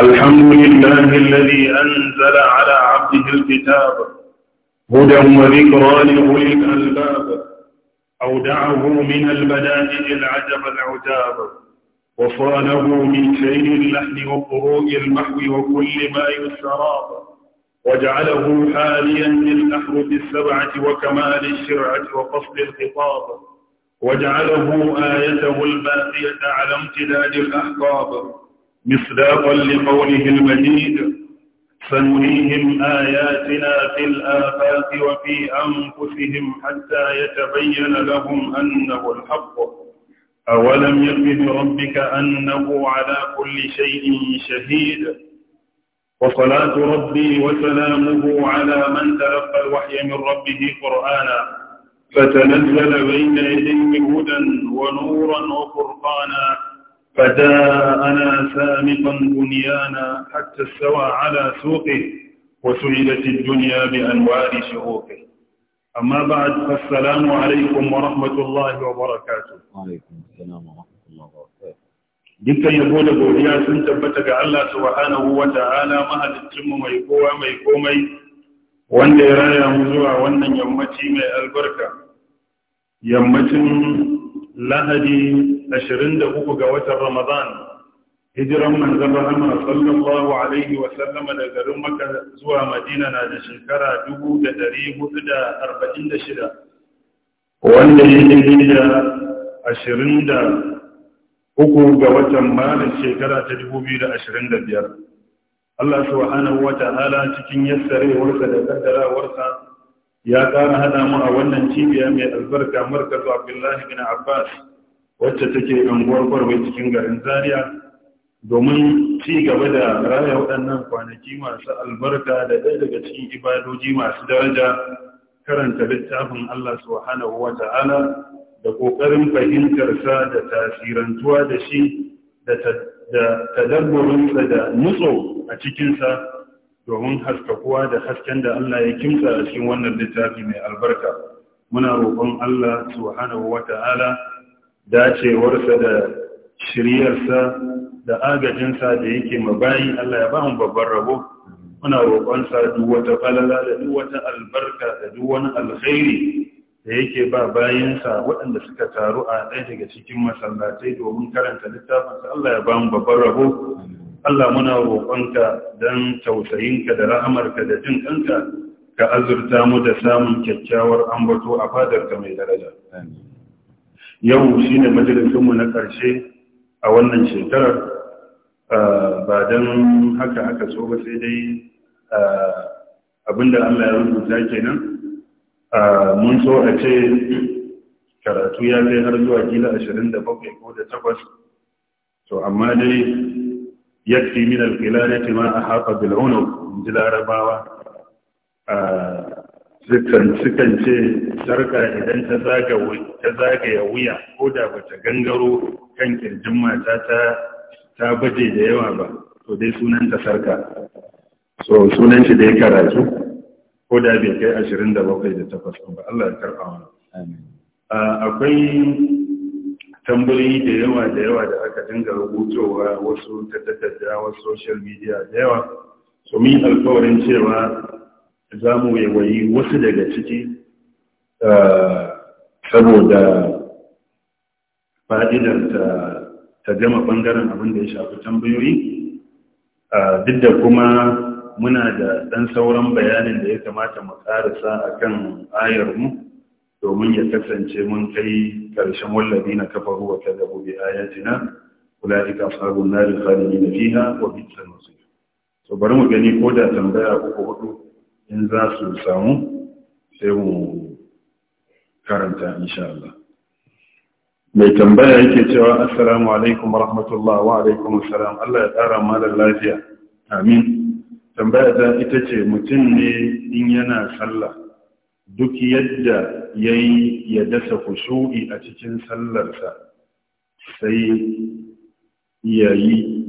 الحمد لله الذي أنزل على عبده الكتاب هدى وذكرى لأولي الألباب أودعه من البدائل العجب العجاب وصانه من شيء اللحن وقروء المحو وكل ما يسراب وجعله حاليا أحرف السبعة وكمال الشرعة وقصد الخطاب وجعله آيته الباقية على امتداد الأحقاب مصداقا لقوله المجيد سنريهم آياتنا في الآفاق وفي أنفسهم حتى يتبين لهم أنه الحق أولم يك بربك أنه على كل شيء شهيد وصلاة ربي وسلامه على من تلقى الوحي من ربه قرآنا فتنزل بين يديه هدى ونورا وفرقانا فدا أنا سامقا بنيانا حتى استوى على سوقه وسعدت الدنيا بأنوار شروقه أما بعد فالسلام عليكم ورحمة الله وبركاته وعليكم السلام ورحمة الله وبركاته ديك يقول أبو بوليا سنتبت على سبحانه وتعالى ما هل التم ما يقوى ما يقومي وان يرى يا مزوع وان يمتي ما البركة يمتي lahadi 23 ga watan Ramadan hijiran manzon Muhammad sallallahu alaihi wa sallama da garin Makka zuwa Madina na da shekara 1446 wanda ya yi da 23 ga watan Maris shekara ta 2025 Allah subhanahu wa ta'ala cikin yassarewarsa da kaddarawarsa ya ƙara haɗa mu a wannan cibiya mai albarka markazu abdullahi bin abbas wacce take anguwar gwarwai cikin garin zaria domin ci gaba da raya waɗannan kwanaki masu albarka da ɗaya daga cikin ibadoji masu daraja karanta littafin allah subhanahu wa ta'ala da ƙoƙarin fahimtarsa da tasirantuwa da shi da tadabbarinsa da nutso a cikinsa domin haskakuwa da hasken da Allah ya kimsa a cikin wannan littafi mai albarka muna roƙon Allah subhanahu wata'ala dacewarsa da shiryarsa da agajinsa da yake mabayi Allah ya ba mu babban rabo muna roƙon sa duk wata falala da duk wata albarka da duk wani alkhairi da yake ba bayinsa waɗanda suka taru a ɗaya daga cikin masallatai domin karanta littafinsa Allah ya ba mu babban rabo Allah muna roƙonka don tausayinka da rahamarka da jin kanka ka azurta mu da samun kyakkyawar ambato a fadarka mai daraja yau shi ne majalisunmu na ƙarshe a wannan shekarar ah, ba don haka aka so ba sai dai ah, abinda Allah ya rubuta kenan ah, mun so a ce karatu ya kai har zuwa kila 27 ko da 8 to amma dai yakfi min alqilalati ma ahata bil unuf ji larabawa sukan sukan ce sarka idan ta zaga ta zagaya wuya ko da bata gangaro kan kirjin mata ta ta baje da yawa ba to dai sunan ta sarka so sunan shi dai karatu ko da bai kai 27 da 8 ba Allah ya karba mu amin akwai tambayoyi da yawa da yawa da aka dinga rubutowa wasu ta takarda wasu social media da yawa su mi alkawarin cewa za mu yawayi wasu daga ciki eh, saboda fa'idar ta gama ɓangaren abin da ya shafi tambayoyi eh, duk da kuma muna da ɗan sauran bayanin da ya kamata mu ƙarasa a kan mu? domin ya kasance mun kai ƙarshen wallabi na kafa ruwa ta zabo bi ayatina ulaika ashabun nar na fiha wa masu yi so bari mu gani ko da tambaya uku hudu in za su samu sai mu karanta insha Allah mai tambaya yake cewa assalamu alaikum warahmatullahi wa alaikum assalam Allah ya tsara malar lafiya amin tambaya ta ita ce mutum ne in yana sallah duk yadda ya yi ya dasa kushu'i a cikin sallarsa sai ya yi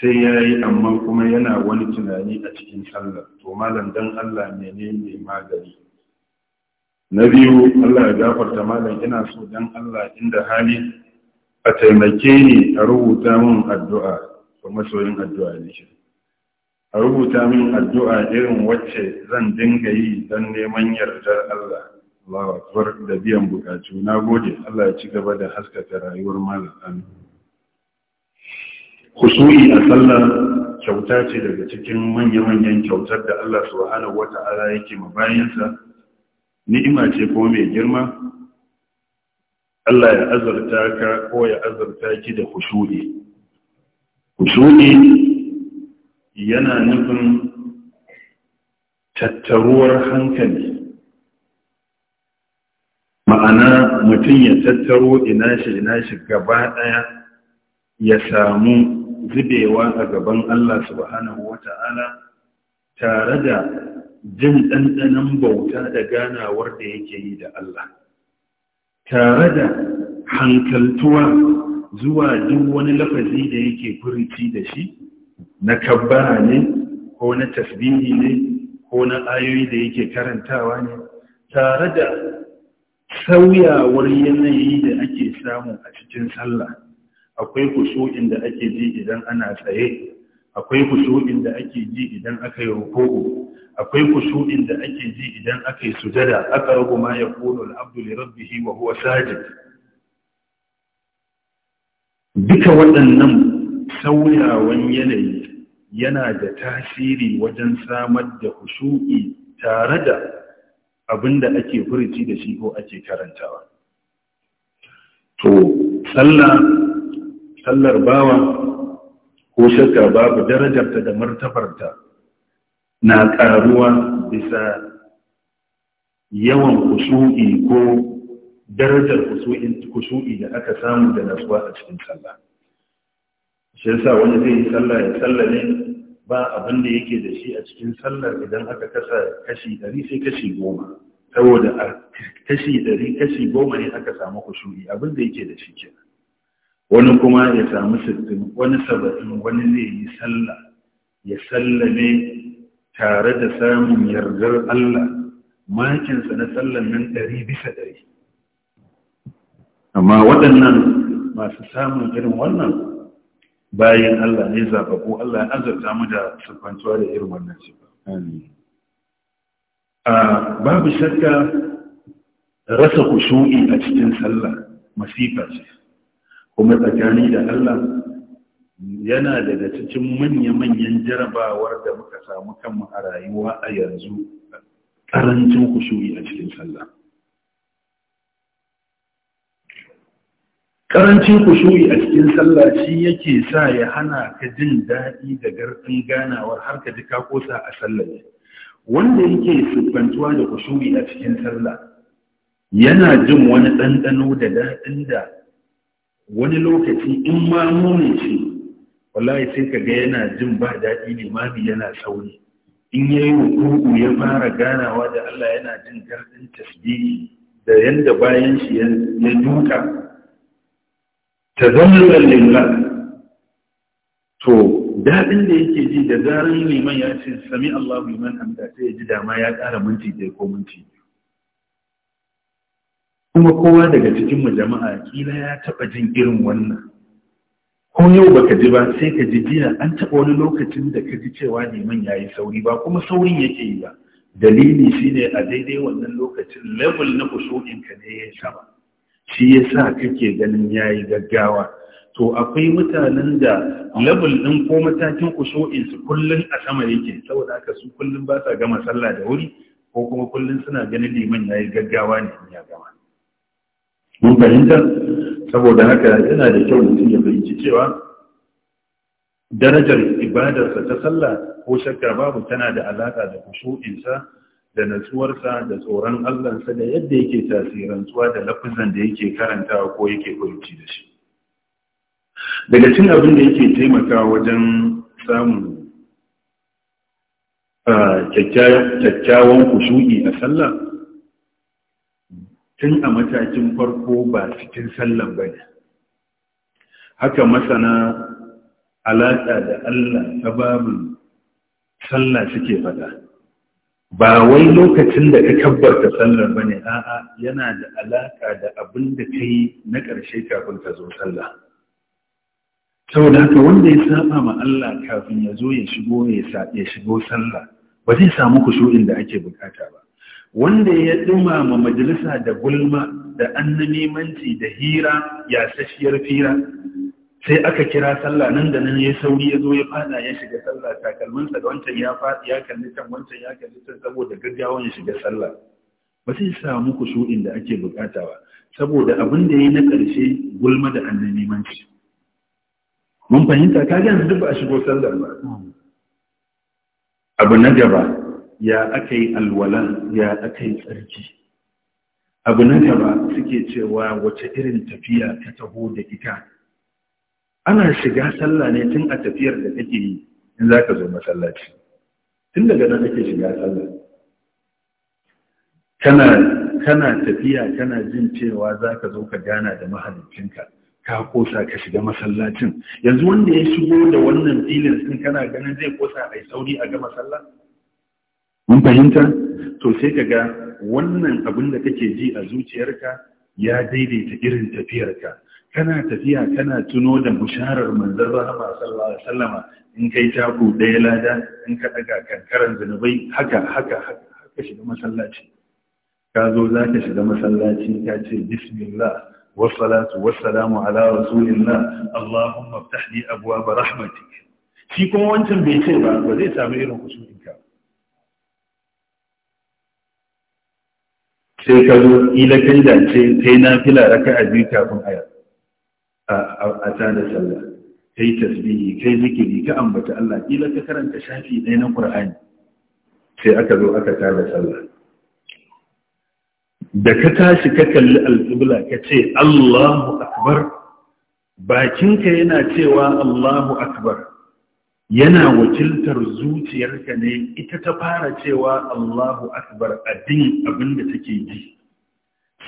sai ya amma kuma yana wani tunani a cikin sallar to malam dan Allah menene magani na biyu Allah ya gafarta malam ina so dan Allah inda hali a taimake ni a rubuta min addu'a kuma masoyin addu'a ne shi a rubuta min addu'a irin wacce zan dinga yi don neman yardar Allah Allah akbar da biyan bukatu na gode Allah ya ci gaba da haskaka rayuwar malam amin a sallah kyauta ce daga cikin manya-manyan kyautar da Allah subhanahu wata'ala yake ma bayansa ni'ima ce ko mai girma Allah ya azurta ka ko ya azurta ki da husui khushu'i yana nufin tattaruwar hankali ma'ana mutum ya tattaro ina shi ina shi gaba ɗaya ya samu zubewa a gaban Allah subhanahu wa ta'ala tare da jin ɗanɗanon bauta da ganawar da yake yi da Allah tare da hankaltuwa zuwa duk wani lafazi da yake furici da shi na kabbara ne ko na tasbihi ne ko na ayoyi da yake karantawa ne tare da sauyawar yanayi da ake samu a cikin sallah akwai kusurin da ake ji idan ana tsaye akwai kusurin da ake ji idan aka yi rukuku akwai kusurin da ake ji idan aka yi sujada aka rubu ma ya kono al'abdu li rabbihi wa huwa sajid duka waɗannan sauyawan yanayi yana da tasiri wajen samar da kusu'i tare da da ake furici da shi ko ake karantawa to sallah sallar bawa ko shakka babu darajarta da martabarta na karuwa bisa yawan kusuri ko darajar kusu'i da aka samu da nasuwa a cikin sallah shi yasa wani zai yi sallah ya ne? ba abin da yake da shi a cikin sallar idan aka kasa kashi ɗari sai kashi goma saboda a kashi ɗari kashi goma ne aka samu kushuri abin da yake da shi kenan wani kuma ya samu sittin wani saba'in wani zai yi sallah ya sallame tare da samun yardar Allah makinsa na sallan nan ɗari bisa ɗari amma waɗannan masu samun irin wannan bayan Allah ne zaba ko Allah ya azarta mu da sufantuwa da irin wannan A babu shakka rasa kushu'i a cikin sallah masifa ce kuma tsakani da Allah yana daga cikin manya-manyan jarabawar da muka samu kanmu a rayuwa a yanzu ƙarancin kushu'i a cikin sallah karancin kushuri a cikin sallah shi yake sa ya hana ka jin daɗi da garɗin ganawar har ka ji ka kosa a sallah wanda yake siffantuwa da kushuri a cikin sallah yana jin wani ɗanɗano da daɗin da wani lokaci in ma muni ce wallahi sai ka ga yana jin ba daɗi limami yana sauri in ya yi hukuku ya fara ganawa da Allah yana jin garɗin tasbihi da yanda bayan shi ya duka tazallulan lillah to daɗin da yake ji da zarar liman ya ce sami Allah liman hamda sai ya ji dama ya ƙara minti da ko minti kuma kowa daga cikin mu jama'a kila ya taɓa jin irin wannan ko yau baka ji ba sai ka ji jiya an taɓa wani lokacin da ka ji cewa liman ya yi sauri ba kuma saurin yake yi ba dalili shine a daidai wannan lokacin level na kusurinka ne ya saba shi ya yasa kake ganin ya yi gaggawa to akwai mutanen da level ɗin ko matakin kusho'in kullum kullun a sama yake saboda aka su kullum ba sa gama sallah da wuri ko kuma kullum suna ganin liman yi gaggawa ne ya gama mun fahimta saboda haka yana da kyau mutum ya fahimci cewa darajar ibadarsa ta sallah ko shakka babu tana da alaƙa da kushu'insa da natsuwarsa da tsoron allansa da yadda yake tasirantuwa da lafizan da yake karantawa ko yake kwanci da shi daga cin abin da yake taimakawa wajen samun kyakkyawan kushu'i a sallah tun a matakin farko ba cikin sallah ba ne haka masana alaƙa da allah ta babin sallah suke faɗa ba wai lokacin da ka kabbarta sallar ba ne a'a yana da alaƙa da abin da ka yi na ƙarshe kafin ka zo sallah saboda haka wanda ya saba ma Allah kafin ya zo ya shigo ya shigo sallah ba zai samu kushu'in da ake bukata ba wanda ya dumama majalisa da gulma da annamimanci da hira ya sashiyar fira sai aka kira sallah nan da nan ya sauri ya zo ya fada ya shiga sallah takalminsa da wancan ya fadi ya kalli can wancan ya kalli can saboda gaggawan ya shiga sallah ba sai samu kushu'in da ake bukata ba saboda abin da ya na ƙarshe gulma da annabi manci mun fahimta ka yanzu duk ba a shigo sallar ba abu na gaba ya aka alwalan ya aka yi tsarki abu na gaba suke cewa wace irin tafiya ta taho da ita ana shiga sallah ne tun a tafiyar da take yi in za ka zo masallaci tun daga nan ake shiga sallah kana kana tafiya kana jin cewa za ka zo ka gana da mahalicinka ka kosa ka shiga masallacin yanzu wanda ya shigo da wannan filin sun kana ganin zai kosa a sauri a gama masalla mun fahimta to sai ka ga wannan abin da kake ji a zuciyarka ya daidaita irin tafiyarka kana tafiya kana tuno da musharar manzon rahama sallallahu alaihi wasallama in kai taku ɗaya lada in ka daga kankaran zanubai haka haka haka shiga masallaci ka zo za ka shiga masallaci ka ce bismillah wassalatu wassalamu ala rasulillah allahumma iftah li abwaab rahmatik shi kuma wancan bai ce ba ba zai samu irin kusurin ka sai ka zo ila kai da ce kai na fila raka'a biyu kafin ayat a tada sallah kai tasbihi kai zikiri ka ambata Allah kila ka karanta shafi ɗaya na Qur'ani sai aka zo aka tada sallah da ka tashi ka kalli alƙibla ka ce Allahu akbar bakinka yana cewa Allahu akbar yana wakiltar zuciyarka ne ita ta fara cewa Allahu akbar addini abin da take ji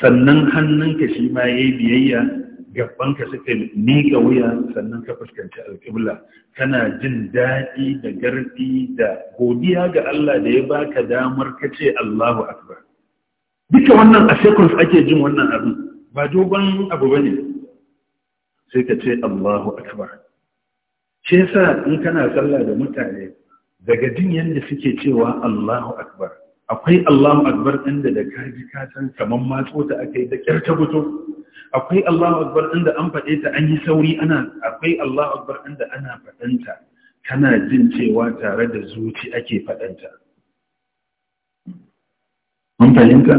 sannan hannunka shi ma yayi biyayya gabbanka suka miƙa wuya sannan ka fuskanci alƙibla kana jin daɗi da garɗi da godiya ga Allah da ya baka damar ka ce Allahu Akbar. Duka wannan a seconds ake jin wannan abu ba dogon abu ba ne sai ka ce Allahu Akbar. Ce sa in kana sallah da mutane daga jin yadda suke cewa Allahu Akbar. Akwai Allahu Akbar inda da da ka ji ka san kamar matso ta aka yi da ƙyar ta fito. akwai Allahu akbar inda an faɗe ta an yi sauri ana akwai Allahu akbar inda ana faɗanta kana jin cewa tare da zuci ake faɗanta mun fahimta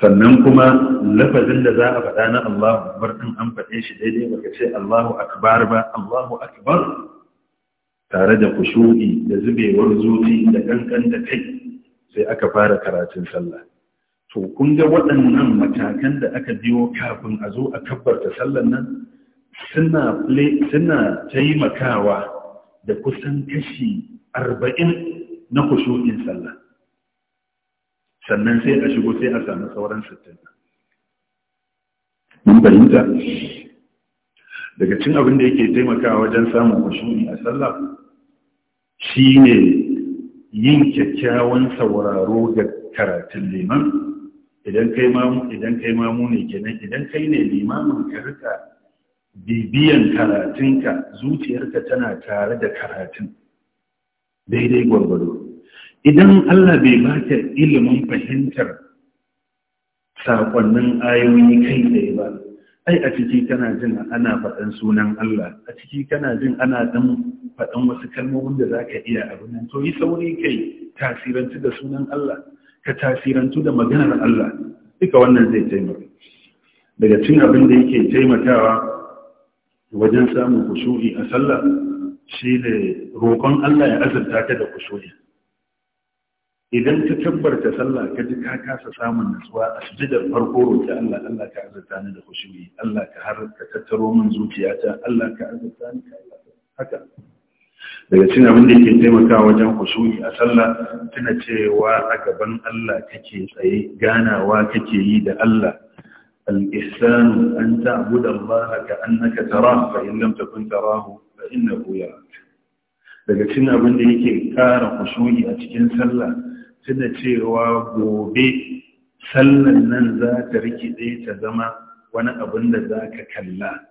sannan kuma lafazin da za a faɗa na Allahu akbar din an faɗe shi daidai baka ce Allahu akbar ba Allahu akbar tare da kushu'i da zubewar zuci da kankan da kai sai aka fara karatun sallah to kun ga waɗannan matakan da aka biyo kafin a zo a kabbarta sallan nan suna taimakawa da kusan kashi arba'in na kushu'in sallah sannan sai a shigo sai a sami sauran sittin mun fahimta daga cin abin da yake taimakawa wajen samun kushu'i a sallah ne yin kyakkyawan sauraro ga karatun liman idan kai mamu ne kenan idan kai ne limamin ka rika bibiyan karatunka zuciyarka tana tare da karatun daidai gwargwado idan Allah bai baka ilimin fahimtar sakonnin ayoyi kai tsaye ba ai a ciki kana jin ana faɗan sunan Allah a ciki kana jin ana dan faɗan wasu kalmomin da zaka iya abin nan to yi sauri kai tasiranci da sunan Allah ka tasirantu da maganar Allah duka wannan zai taimaka daga cin abin da yake taimakawa wajen samun kusuri a sallah shi ne roƙon Allah ya azurta ka da kusuri idan ka tabbarta sallah ka ji ka kasa samun nutsuwa a sujudar farko roƙi Allah Allah ka azurta ni da kusuri Allah ka har ka tattaro min zuciyata Allah ka azurta ni ka haka daga cin abin da ke taimakawa wajen kusuri a sallah tana cewa a gaban Allah kake tsaye ganawa kake yi da Allah al-ihsan an da Allah ka annaka tarahu fa in lam takun tarahu da innahu yarak daga cin abin da yake kara kusuri a cikin sallah tana cewa gobe sallan nan za ta rikide ta zama wani abin da za ka kalla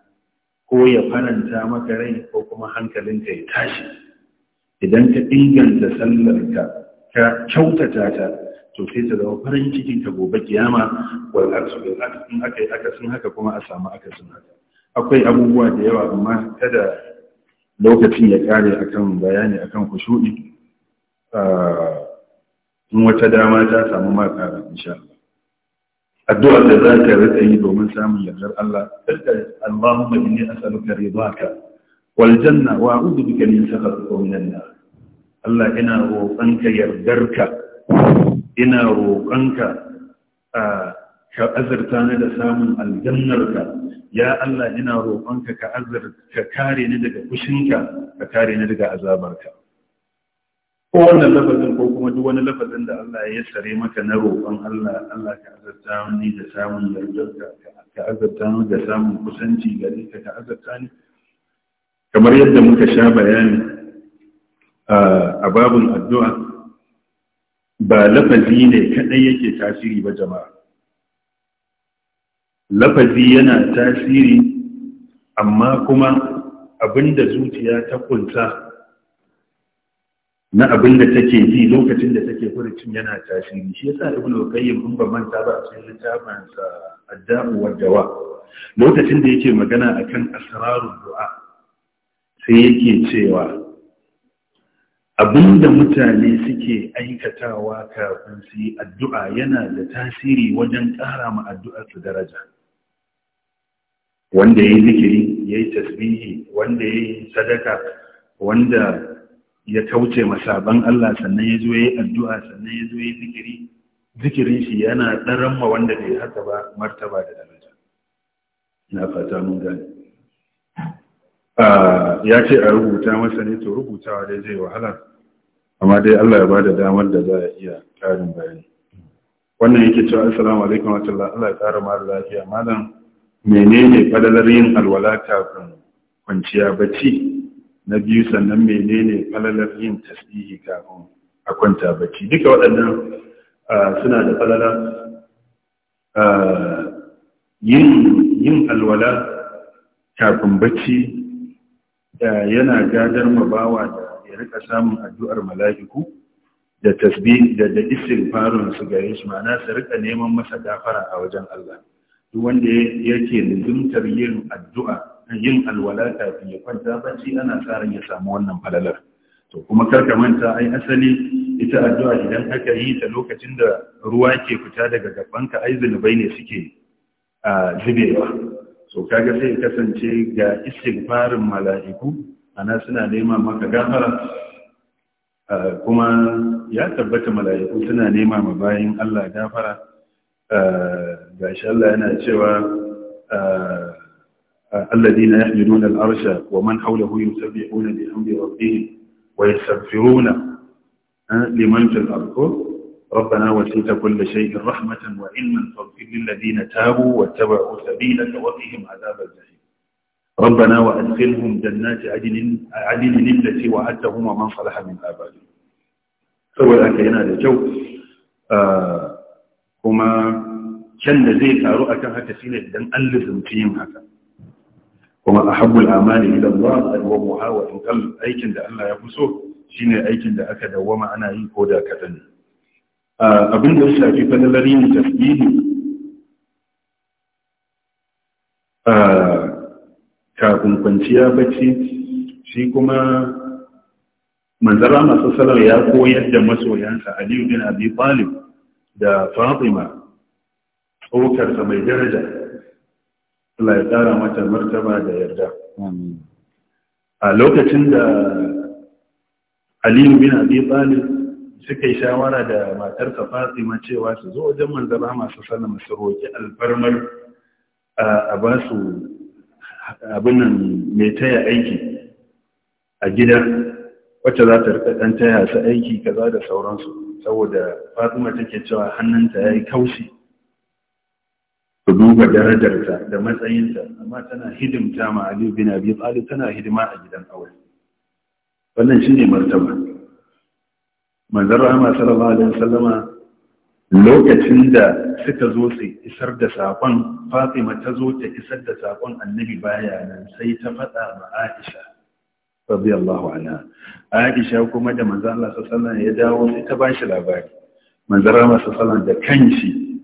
ko ya faranta maka rai ko kuma hankalinka ya tashi idan ka inganta sallarka ka kyautata ta to sai ta zama farin cikin ka gobe kiyama wal arsu bil in aka yi aka sun haka kuma a samu aka sun haka akwai abubuwa da yawa amma kada lokacin ya kare akan bayani akan kushu'i ah, in wata dama ta samu ma kara insha Allah addu'a da za ka rika yi domin samun yardar Allah Allahumma inni as'aluka ridaka Waljanna, janna wa a'udhu bika min sakhatika wa min an-nar Allah ina roƙonka yardarka ina roƙonka ka azurta ni da samun aljannarka ya Allah ina roƙonka ka azurta kare ni daga fushinka ka kare ni daga azabarka ko wannan lafazin ko kuma duk wani lafazin da Allah ya sare maka na roƙon Allah Allah ka azurta ni da samun yardarka ka azurta ni da samun kusanci gare ka ka azurta ni kamar yadda muka sha bayani a babun addu'a ba lafazi ne kaɗai yake tasiri ba jama'a lafazi yana tasiri amma kuma abinda zuciya ta kunsa na abinda take ji lokacin da take furucin yana tasiri shi yasa ibn al-qayyim kun ba manta ba a cikin littafin sa addu'a wa dawa lokacin da yake magana akan asrarul du'a sai yake cewa abinda mutane suke aikatawa kafin su yi addu'a yana da tasiri wajen ƙara ma addu'ar su daraja wanda ya yi zikiri ya yi tasbihi wanda ya yi sadaka wanda ya kauce masaban Allah sannan ya zo ya yi addu'a sannan ya zo ya yi zikiri zikirin shi yana ɗaran ma wanda bai haka ba martaba da daraja na fata mun gani ya ce a rubuta masa ne to rubutawa dai zai wahala amma dai Allah ya ba da damar da za a iya ƙarin bayani wannan yake cewa assalamu alaikum wa rahmatullahi Allah ya ƙara mara lafiya malam menene falalar yin alwala kafin kwanciya bacci na biyu sannan menene falalar yin tasbihi kafin a kwanta bacci duka waɗannan suna da falala yin alwala kafin bacci yana gadar ma da ya rika samun addu'ar mala'iku da tasbih da da farin su gare shi ma'ana su rika neman masa gafara a wajen Allah duk wanda yake lizumtar yin addu'a yin alwala kafin ya kwanta bacci ana tsarin ya samu wannan falalar to kuma karka manta ai asali ita addu'a idan aka yi ta lokacin da ruwa ke fita daga gabanka ai zunubai ne suke zubewa to kaga sai kasance ga istighfarin mala'iku ana suna nema maka gafara kuma ya tabbata mala'iku suna nema ma bayin Allah gafara ga shi Allah yana cewa الذين يحملون الأرش ومن حوله يسبحون بحمد wa ويستغفرون liman fil ardh ربنا وجدت كل شيء رحمة وعلما فاغفر للذين تابوا واتبعوا سبيلك وقهم عذاب الجحيم. ربنا وادخلهم جنات عدن عدن التي وعدتهم ومن صلح من ابائهم. فولا كينا الجو كما آه، كان زي كاروكا هكا سينا دم الف مقيم هكا. كما احب الاعمال الى الله ومحاوله كم اي كندا الله يقصه سينا اي كندا هكا وما انا اي كودا كتني. abin da ya shafi fadalar yin tasbihi kafin kwanciya bacci shi kuma manzara masu salar ya koyar da masoyansa aliyu bin abi talib da fatima tsokarsa mai daraja Allah ya tsara mata martaba da yarda a lokacin da aliyu bin abi talib suka yi shawara da matar matarsa ma cewa su zo wajen manzara masu sana masu roƙi alfarmar a ba su abinan mai taya aiki a gida wacce za ta rika ɗan taya su aiki kaza da sauransu saboda fatima take cewa hannunta ya yi kaushi su duba darajarta da matsayinta amma tana hidimta ma aliyu bin abi talib tana hidima a gidan aure wannan shine martaba manzan rahama sallallahu alaihi wasallama lokacin da suka zo su isar da sakon, fatima ta zo ta isar da sakon annabi baya nan sai ta faɗa ma aisha radiyallahu anha aisha kuma da manzan Allah sallallahu ya dawo sai ta bashi labari manzan rahama sallallahu da kanshi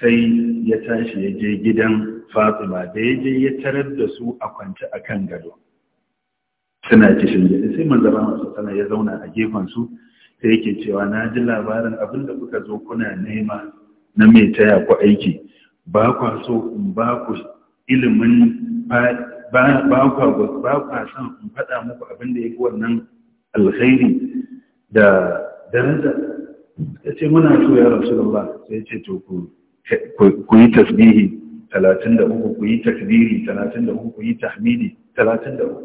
sai ya tashi ya je gidan fatima da ya je ya tarar da su a kwance akan gado suna kishin da sai manzan rahama sallallahu ya zauna a gefan su sai yake cewa na ji labarin abin da kuka zo kuna nema na mai taya ku aiki ba kwa so in ba ku ilimin ba kwa son in faɗa muku abin da ya fi wannan alkhairi da daraja ya ce muna so ya rasulullah sai ce to ku yi tasbihi 33 ku yi takbiri 33 ku yi tahmidi 33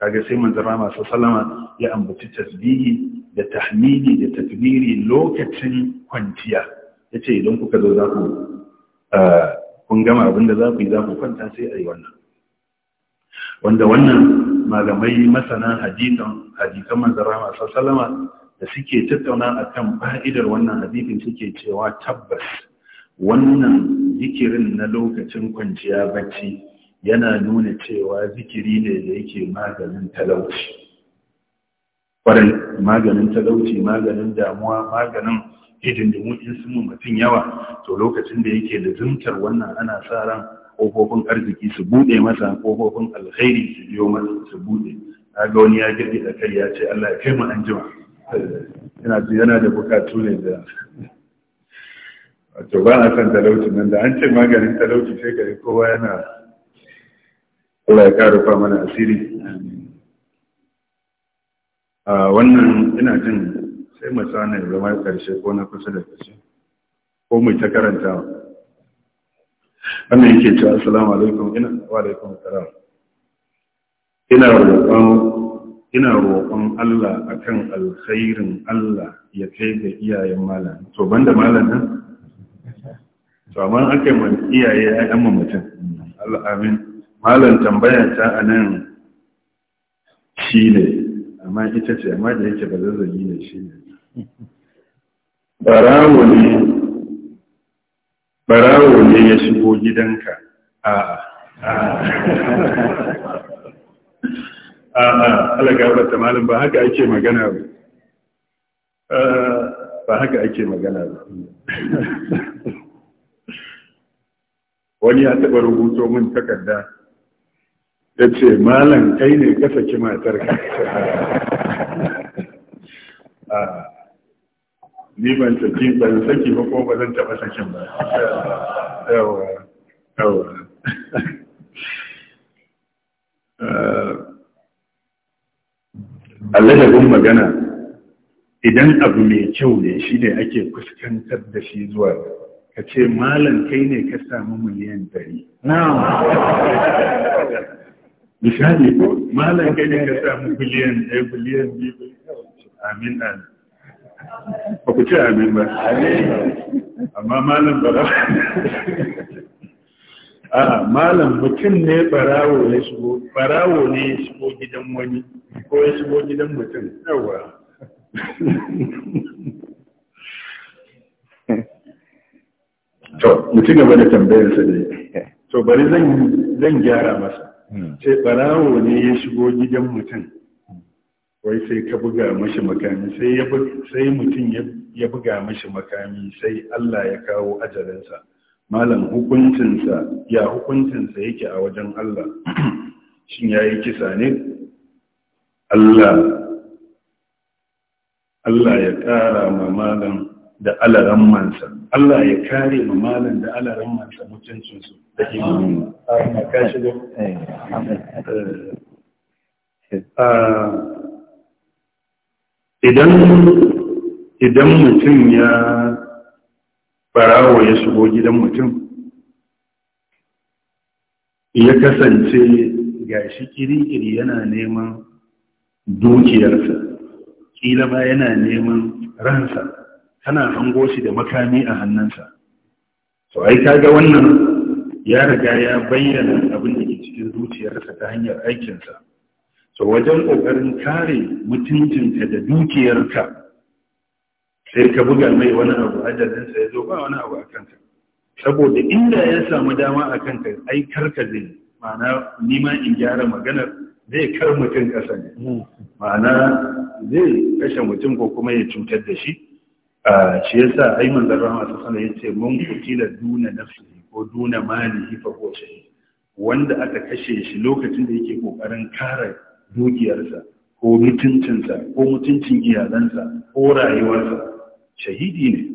kaga sai manzara masu salama ya ambaci tasbihi da tahmidi da takbiri lokacin kwanciya ce idan kuka zo za ku kun gama abin da za ku yi za ku kwanta sai a yi wannan wanda wannan malamai masana hadisan hadisan manzara masu salama da suke tattauna a kan fa'idar wannan hadisin suke cewa tabbas wannan zikirin na lokacin kwanciya bacci yana nuna cewa zikiri ne da yake maganin talauci kwarai maganin talauci maganin damuwa maganin idindimu in sun mutum yawa to lokacin da yake da zimtar wannan ana sa ran kofofin arziki su bude masa kofofin alkhairi su biyo masa su bude kaga wani ya da kai ya ce Allah ya kai mu anjima yana yana da bukatu ne da wato ba na san talauci nan da an ce maganin talauci sai ka kowa yana Allah ya karufa mana asiri amin a wannan ina jin sai masana ya zama karshe ko na kusa da ƙarshe ko mai ta karanta wannan yake cewa assalamu alaikum ina wa alaikum assalam ina roƙon ina roƙon Allah akan alkhairin Allah ya kai ga iyayen malam to banda malam nan to amma kai yi iyaye ayyan mutum Allah amin malam tambaya ta anan shine amma ita ce amma da yake ba zazzagi ne shi ne barawo ne ya shigo gidanka a'a a'a alagabar ta ba haka ake magana ba ba haka ake magana ba wani ya taɓa rubuto min takarda ya ce malam kai ne ka saki matar ka ah, ni ban saki ban saki ba ko ba zan taɓa sakin ba yawa yawa alladabin ah, magana idan abu mai kyau ne shi ne ake kuskantar da shi zuwa ka ce malam kai ne ka samu miliyan dari na nishadi ko malam kai ka samu biliyan ɗaya biliyan biyu amin amin ba ku ce amin ba amma malam barawo a malam mutum ne barawo ya shigo barawo ne ya shigo gidan wani ko ya shigo gidan mutum yawa to mutum gaba da tambayarsa ne to bari zan gyara masa sai barawo ne ya shigo gidan mutum wai sai ka buga mashi makami sai mutum ya buga mashi makami sai Allah ya kawo ajalinsa malam hukuncinsa ya hukuncinsa yake a wajen Allah shin ya yi kisa ne Allah ya ƙara ma malam da alaran mansa Allah ya kare mu malam da alaran mansa su da ke da idan idan mutum ya barawa ya shigo gidan mutum ya kasance gashi kiri-kiri yana neman dukiyarsa kila ba yana neman ransa kana hango shi da makami a hannunsa to ai kaga wannan ya riga ya bayyana abin da ke cikin zuciyarsa ta hanyar aikinsa to wajen ƙoƙarin kare mutuncinka da dukiyarka sai ka buga mai wani abu adadinsa ya zo ba wani abu a kanka saboda inda ya samu dama a kanka ai karka zai ma'ana nima in gyara maganar zai kar mutum ƙasa ne hmm. ma'ana zai kashe mutum ko kuma ya cutar da shi shi yasa ai manzon rahama ta sallallahu alaihi yace mun kutila duna nafsi ko duna mali hifa ko shahid wanda aka kashe shi lokacin da yake kokarin kare dukiyarsa ko mutuncinsa ko mutuncin iyalansa ko rayuwarsa shahidi ne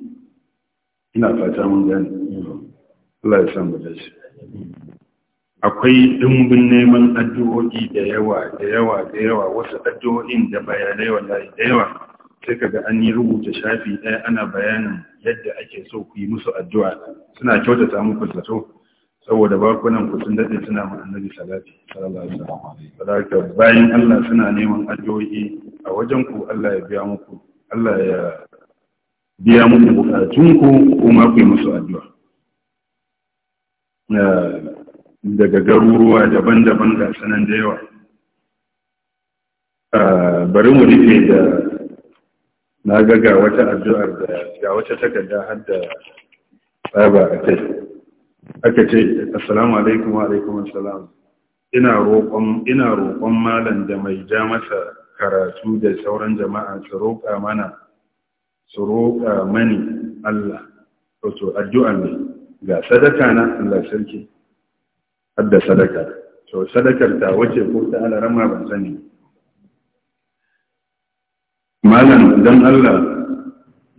ina fata mun gane Allah ya san mu dace akwai dimbin neman addu'o'i da yawa da yawa da yawa wasu addu'o'in da bayanai wallahi da yawa sai ga an yi rubuta shafi ɗaya ana bayanin yadda ake so ku yi musu addu'a suna kyautata muku zato saboda bakunan ku sun daɗe suna ma annabi salati sallallahu alaihi wasallam bayan Allah suna neman addu'o'i a wajen ku Allah ya biya muku Allah ya biya muku bukatun ku kuma ku yi musu addu'a daga garuruwa daban-daban ga sanan da yawa ah, bari mu rufe da na ga ga wata addu'ar da ga wata takarda har da baba a kai aka ce assalamu alaikum wa alaikum assalam ina roƙon ina roƙon malam da mai ja masa karatu da sauran jama'a su roƙa mana su roƙa mani Allah wato addu'a ne ga sadaka na Allah sarki har da sadaka to sadakar ta wace ko ta alarama ban sani malam idan Allah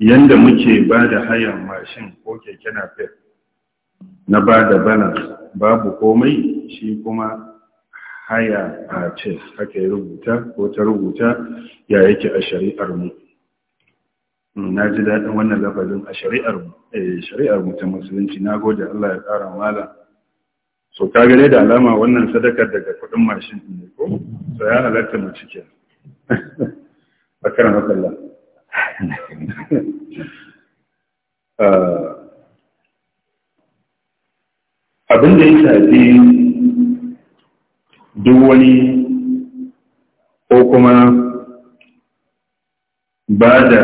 yanda muke ba da hayan mashin ko keke na fef na ba da balance babu komai shi kuma haya a ce haka ya rubuta ko ta rubuta ya yake a shari'ar mu hmm, na ji daɗin wannan lafazin a shari'ar mu eh, shari'ar mu ta musulunci na gode Allah ya ƙara mala so ka gare da alama wannan sadakar daga kuɗin mashin ne ko so ya halatta mu cikin bakaran matsala ah, abin da ya shafi duk wani ko kuma ba da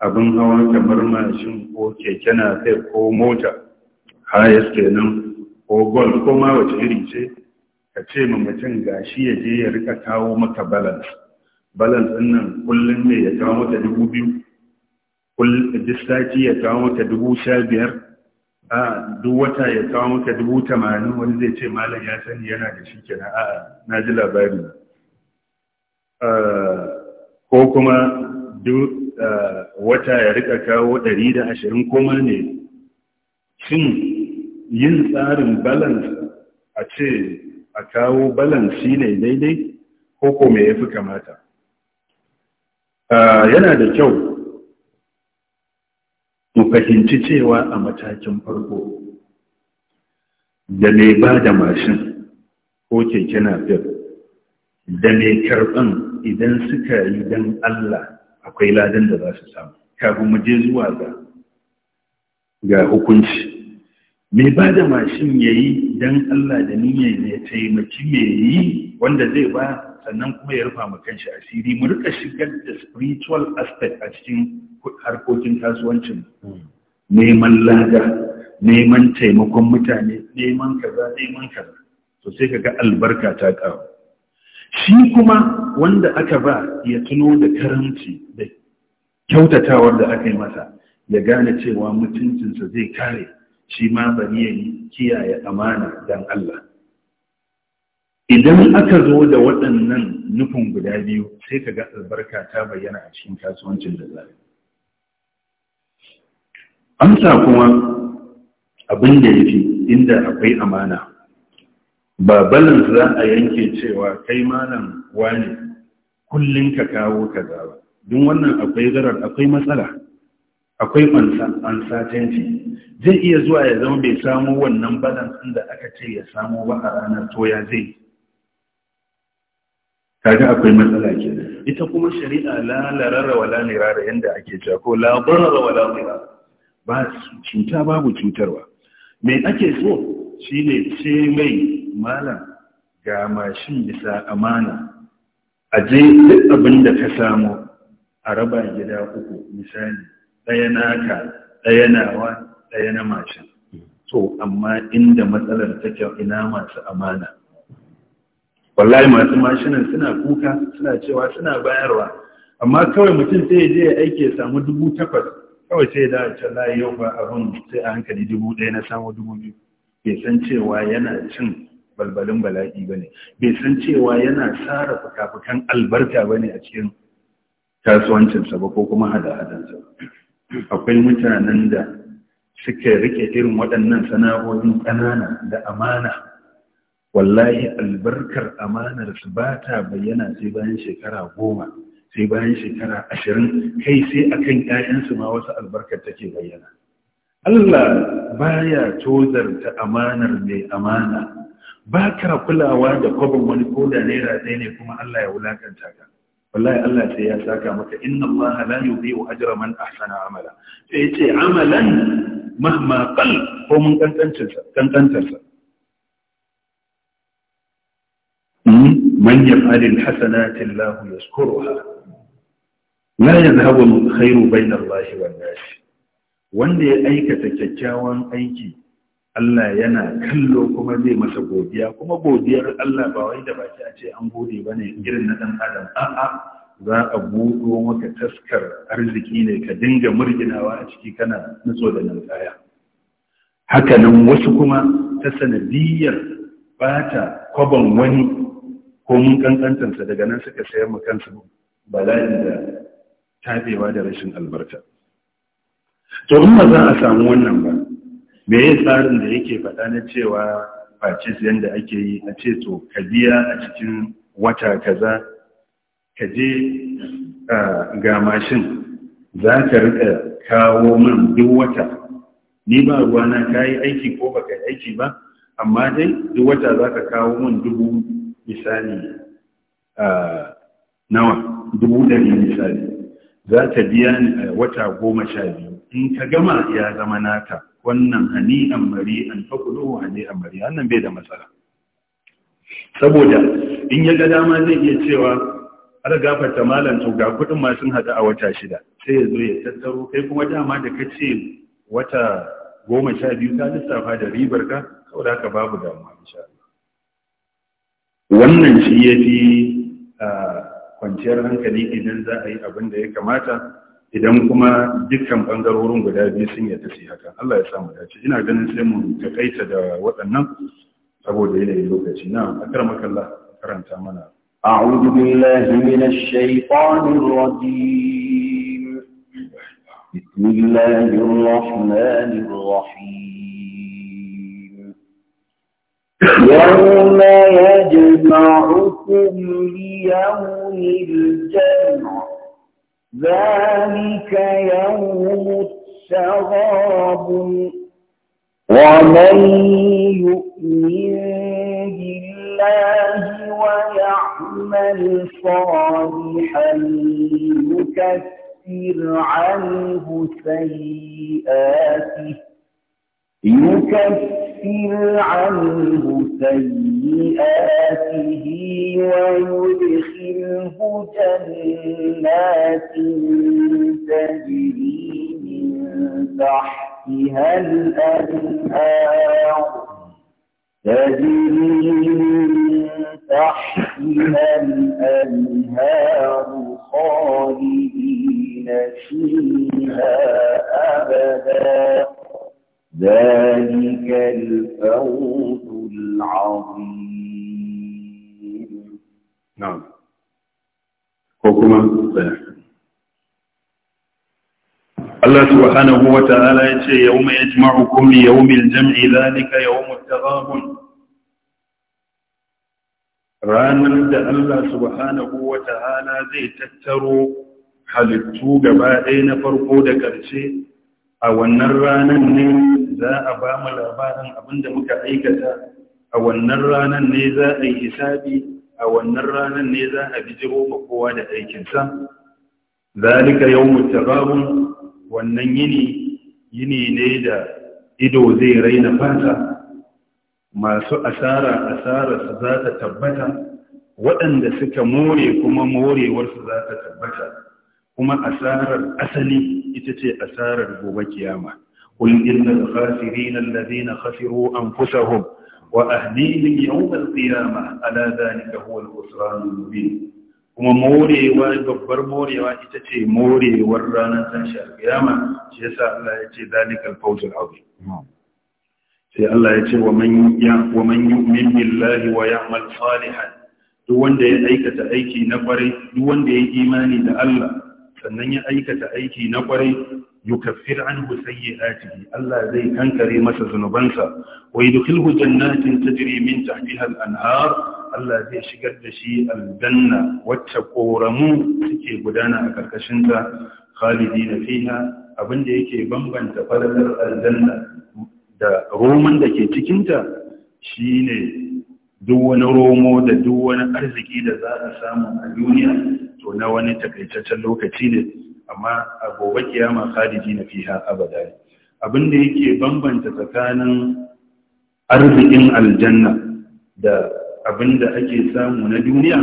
abin hawa kamar mashin ko keke na kai ko mota hayas kenan ko gol ko ma wace iri ce ka ce mamacin gashi ya je ya rika kawo maka balance balance ɗin nan kullum ne ya kawo mata dubu biyu duk sati ya kawo mata dubu sha biyar a duk wata ya kawo mata dubu tamanin wani zai ce malam ya sani yana da shi kenan a na ji labari ko kuma duk wata ya rika kawo ɗari da ashirin koma ne shin yin tsarin balance a ce a kawo balance shi ne daidai ko ko me ya fi kamata Eh, yana da kyau mu fahimci cewa a matakin farko da mai ba da mashin ko keke na fil, da mai karɓan idan suka yi don Allah akwai ladan da za su samu kafin mu je zuwa ga hukunci mai ba da mashin ya yi don Allah da niyyar ya taimaki mai yi wanda zai ba sannan kuma ya rufa ma kanshi asiri mu rika shigar da spiritual aspect a cikin harkokin kasuwancin hmm. neman lada neman taimakon mutane neman kaza neman kaza to sai kaga albarka ta kawo shi kuma wanda aka ba ya tuno da karanci da kyautatawar da aka yi masa ya gane cewa mutuncinsa zai kare shi ma bari ya yi kiyaye amana don Allah idan aka zo da waɗannan nufin guda biyu sai ka ga albarka ta bayyana a cikin kasuwancin da zai amsa kuma abin da ya fi inda akwai amana ba za a yanke cewa kai malam wane kullum ka kawo ka ba don wannan akwai zarar akwai matsala akwai uncertainty zai iya zuwa ya zama bai samu wannan balance inda aka ce ya samu ba a ranar toya zai kaga akwai matsala ke ita kuma shari'a la larara wala nirara yanda ake cewa ko la barara wala nirara ba cuta babu cutarwa me ake so shine ce mai malam ga mashin bisa amana a je duk abin da ka samu a raba gida uku misali ɗaya na ka ɗaya nawa ɗaya na mashin to amma inda matsalar take ina masu amana wallahi masu mashinan suna kuka suna cewa suna bayarwa amma kawai mutum sai ya je ya aiki samu dubu takwas kawai sai da can layi yau ba abin sai a hankali dubu ɗaya na samu dubu biyu bai san cewa yana cin balbalin bala'i ba ne bai san cewa yana tsara fuka-fukan albarka ba ne a cikin kasuwancinsa ba ko kuma hada-hadansa akwai mutanen da suke rike irin waɗannan sana'o'in ƙanana da amana wallahi albarkar amanar su ba ta bayyana sai bayan shekara goma sai bayan shekara ashirin kai sai akan kan ‘ya'yansu ma wasu albarkar take bayyana Allah baya tozarta amanar mai amana ba ka kulawa da kwabin wani koda naira ɗaya ne kuma Allah ya wulakanta ka والله الله سيا ساكا مك إن الله لا يضيع أجر من أحسن عملا فإتي عملا مهما قل هو من كان تنتسى من يفعل الحسنات الله يشكرها لا يذهب الخير بين الله والناس وان دي ايكه تكيكاوان ايكي Allah yana kallo kuma zai masa godiya kuma godiyar Allah ba wai da baki a ce an gode ba ne irin na ɗan adam a'a za a buɗo maka taskar arziki ne ka dinga murginawa a ciki kana nutso da nan kaya haka nan wasu kuma ta sanadiyar bata kwaban wani ko mun kankantansa daga nan suka sayar mu kansu bala'in da tabewa da rashin albarka to in ba za a samu wannan ba me ya tsarin da yake faɗa na cewa face yadda ake yi a ce to ka biya a cikin wata kaza ka je ga mashin za ka rika kawo min duk wata ni ba ruwana ka yi aiki ko ba ka yi aiki ba amma dai duk wata za ka kawo min dubu misali nawa dubu ɗari misali za ta biya ni a wata goma sha biyu in ka gama ya zama nata. wannan hani'an mari an fakuluhu hani'an mari wannan bai da matsala saboda in ya ga dama zai iya cewa har gafarta malam to ga kudin ma sun hada a wata shida sai ya zo ya tattaro kai kuma dama da kace wata goma sha biyu ta lissafa da ribar ka saboda haka babu damuwa insha Allah wannan shi yafi ah, kwanciyar hankali idan za a yi abin da ya kamata idan kuma dukkan bangarorin guda biyu sun yadda su haka Allah ya samu dace ina ganin sai mu takaita da waɗannan saboda yanayin lokaci na akramakallah karanta mana أعوذ بالله من الشيطان الرجيم بسم الله الرحمن الرحيم يوم يجمعكم ليوم الجمع ذلك يوم الشغاب ومن يؤمن بالله ويعمل صالحا يكفر عنه سيئاته يكفر عنه سيئاته ويدخله جنات تجري من تحتها الأنهار تجري من تحتها الأنهار خالدين فيها أبداً ذلك الفوز العظيم نعم حكما الله سبحانه وتعالى يتشي يوم يجمعكم ليوم الجمع ذلك يوم التغابن ranar da Allah subhanahu wa ta'ala zai tattaro halittu gaba ɗaya na farko da ƙarshe a wannan ranar ne za a ba mu labarin abinda muka aikata a wannan ranar ne za a yi hisabi a wannan ranar ne za a bijiro ma kowa da aikinsa zalika yawmut taghabun wannan yini yini ne da ido zai raina fata masu asara asara su za ta tabbata waɗanda suka more kuma morewarsu za ta tabbata kuma asarar asali ita ce asarar gobe kiyama قل إن الخاسرين الذين خسروا أنفسهم وأهليهم يوم القيامة ألا ذلك هو الخسران المبين kuma morewa babbar morewa ita ce morewar ranar tashi alkiyama shi sa Allah ya ce zalikal fawzul azim sai Allah ya ce wa man yu'min billahi wa ya'mal salihan duk wanda ya aikata aiki na kwarai duk wanda ya imani da Allah sannan ya aikata aiki na kwarai yukaffir anhu sayyi'atihi Allah zai kankare masa zunubansa wa yudkhilhu jannatin tajri min tahtiha al-anhar Allah zai shigar da shi aljanna wacce ƙoramu suke gudana a karkashin ta khalidina fiha abinda yake bambanta falalar aljanna da roman da ke cikin ta shine duk wani romo da duk wani arziki da za a samu a duniya to na wani takaitaccen lokaci ne amma a gobe kiyama khadiji na fiha abada abin da yake bambanta tsakanin arzikin aljanna da abin da ake samu na duniya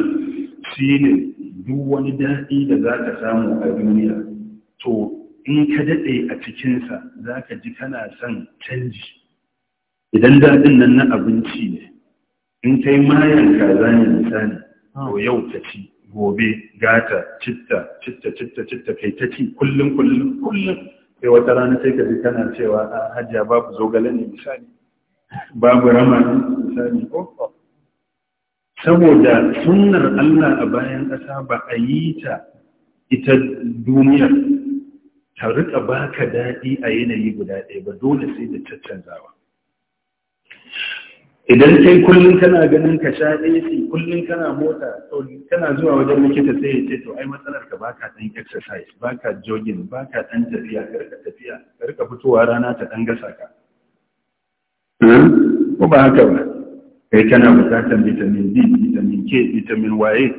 shi ne duk wani daɗi da za ka samu a duniya to in ka daɗe a cikinsa za ka ji kana son canji idan daɗin nan na abinci ne in kai mayan kaza ne misali to yau ka ci gobe gata citta citta citta citta kai ta ci kullum kullum kullum sai wata rana sai ka ji kana cewa a ah, hajiya babu zogale ne misali babu rama ne misali ko saboda sunnar Allah a bayan ƙasa ba a yi ta ita duniyar ta rika baka daɗi a yanayi guda ɗaya ba dole sai da caccanzawa idan sai kullum kana ganin ka sha AC kullum kana mota to kana zuwa wajen likita sai yace, to ai matsalar ka baka dan exercise baka jogging baka dan tafiya karka tafiya karka fitowa rana ta dan gasa ka hmm? ko ba haka ba kai kana bukatar vitamin D vitamin K vitamin Y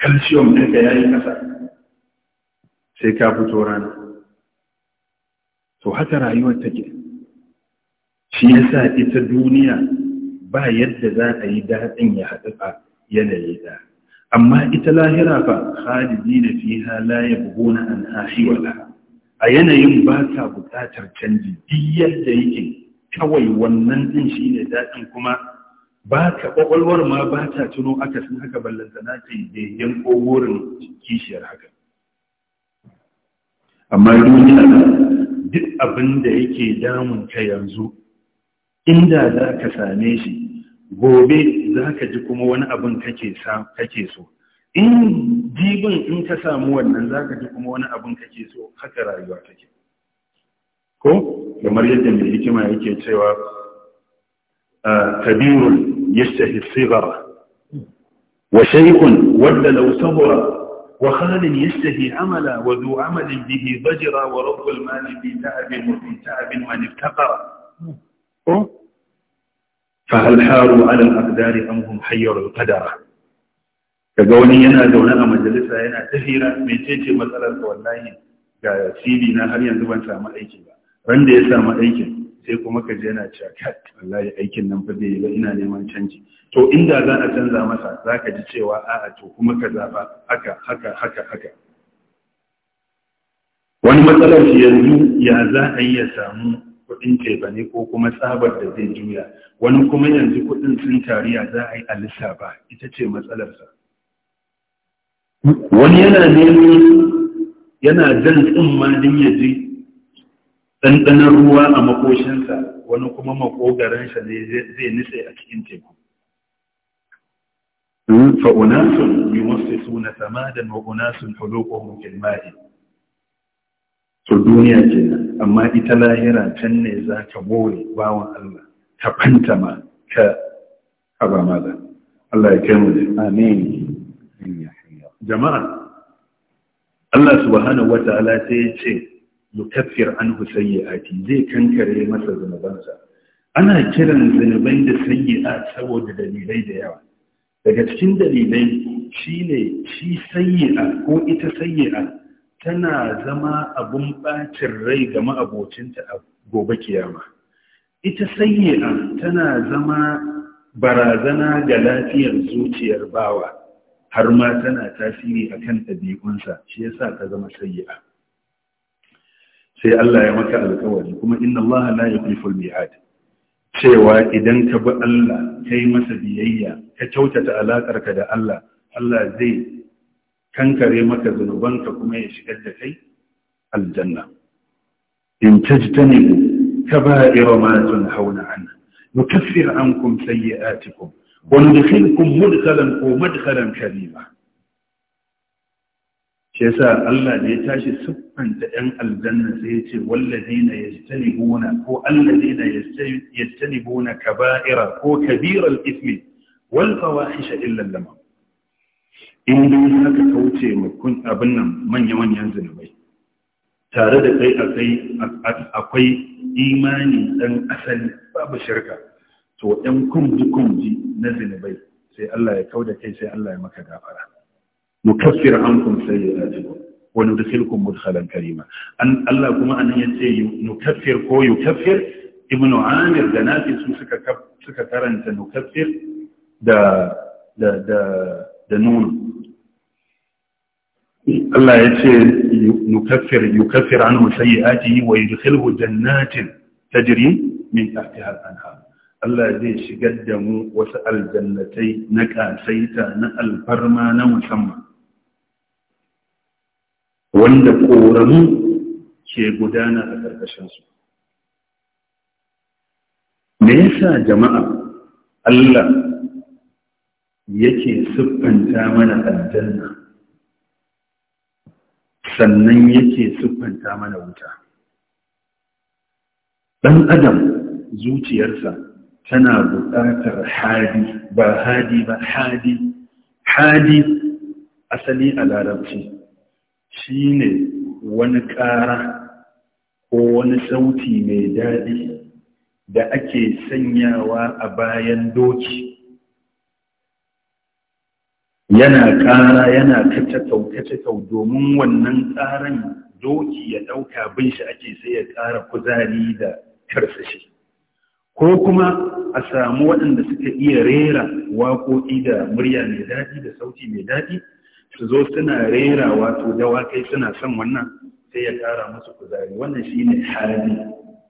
calcium ka yayi kasa sai ka fito rana to haka rayuwar take shi yasa ita duniya ba yadda za a yi daɗin ya haɗu a yanayi da amma ita lahira fa khalidi na fiha la yabghuna an wala a yanayin ba ta buƙatar canji duk yadda yake kawai wannan din shine daɗin kuma ba ka ƙwaƙwalwar ma ba ta tuno aka sun haka ballanta na ta yi yan wurin kishiyar haka amma duniya duk abin da yake damun ka yanzu inda za ka same shi gobe za ka ji kuma wani abin kake so in jibin in ka samu wannan za ka ji kuma wani abin kake so haka rayuwa take ko kamar yadda mai hikima yake cewa kabirun yashtahi sigara wa shaykhun wadda law sabara wa khalin yashtahi amala wa dhu amalin bihi zajra wa rabbul malami ta abin mutum ta abin man iftaqara ko fahal haru ala al-aqdari am hum al qadara kaga wani yana zaune a majalisa yana ta hira mai cece matsalar ka wallahi ga CV na har yanzu ban samu aiki ba ran da ya samu aikin sai kuma ka je yana cewa kat wallahi aikin nan fa bai ba ina neman canji to inda za a canza masa za ka ji cewa a'a to kuma ka zaba haka haka haka haka wani matsalar yanzu ya za a yi ya samu kuɗin ne ko kuma tsabar da zai juya wani kuma yanzu kuɗin sun tariya za a yi a lissafa ita ce matsalarsa wani yana neman yana zan tsimma din ya ji ɗanɗanar ruwa a makoshinsa wani kuma makogaransa ne zai nitse a cikin teku fa'unasun yi wasu suna samadan wa'unasun mukin kilmari to duniya ce amma ita lahira can ne za ka more bawan Allah ka fantama ka haba maza Allah ya kai mu ne amin jama'a Allah subhanahu wataala sai ya ce an anhu sayyi'ati zai kankare masa zunubansa ana kiran zunubai da sayyi'a saboda dalilai da yawa daga cikin dalilai shine shi sayyi'a ko ita sayyi'a tana zama abun ɓacin rai ga ma'abocinta a gobe kiyama ita sayyi'a tana zama barazana ga lafiyar zuciyar bawa har ma tana tasiri akan ɗabi'unsa shi yasa ta zama sayyi'a sai Allah ya maka alkawari kuma inna Allah la yukhlifu al-mi'ad cewa idan ka bi Allah kai masa biyayya ka kyautata alaƙarka da Allah Allah zai kankare maka zunubanka kuma ya shigar da kai aljanna in tajtanibu kaba'ira ma tunhauna anhu nukaffir ankum sayyi'atikum wa nudkhilkum mudkhalan ko madkhalan karima shi yasa Allah ne ya tashi siffanta ɗan aljanna sai ya ce wallazina yastanibuna ko allazina yastanibuna kaba'ira ko kabiral ismi wal fawahisha illa lamam in dai haka kauce mu abin nan manya-manyan zunubai tare da kai akwai imani dan asali babu shirka to ɗan kunji-kunji na zunubai sai Allah ya kauda kai sai Allah ya maka gafara nukaffir ankum sayyi'atikum wa nudkhilukum mudkhalan karima an Allah kuma anan yace nukafir ko yukaffir ibnu amir da nafi su suka karanta nukafir da da da da Allah ya ce yukaffir an anhu sayyi'atihi wa yudkhilhu jannatin tajri min tahtiha al-anhar Allah zai shigar da mu wasu aljannatai na kasaita na alfarma na musamman wanda koramu ke gudana a ƙarƙashin su me yasa jama'a Allah yake siffanta mana aljanna sannan yake siffanta mana wuta ɗan adam zuciyarsa tana buƙatar hadi ba hadi ba hadi hadi asali a larabci shi ne wani ƙara ko wani sauti mai daɗi da ake sanyawa a bayan doki yana ƙara yana kacce-kacce domin wannan tsarin doki ya ɗauka bin shi ake sai ya ƙara kuzari da karsashi ko kuma a samu waɗanda suka iya rera waƙoƙi da murya mai daɗi da sauti mai daɗi su zo suna rera wato dawakai suna son wannan sai ya ƙara musu kuzari wannan shi ne hadi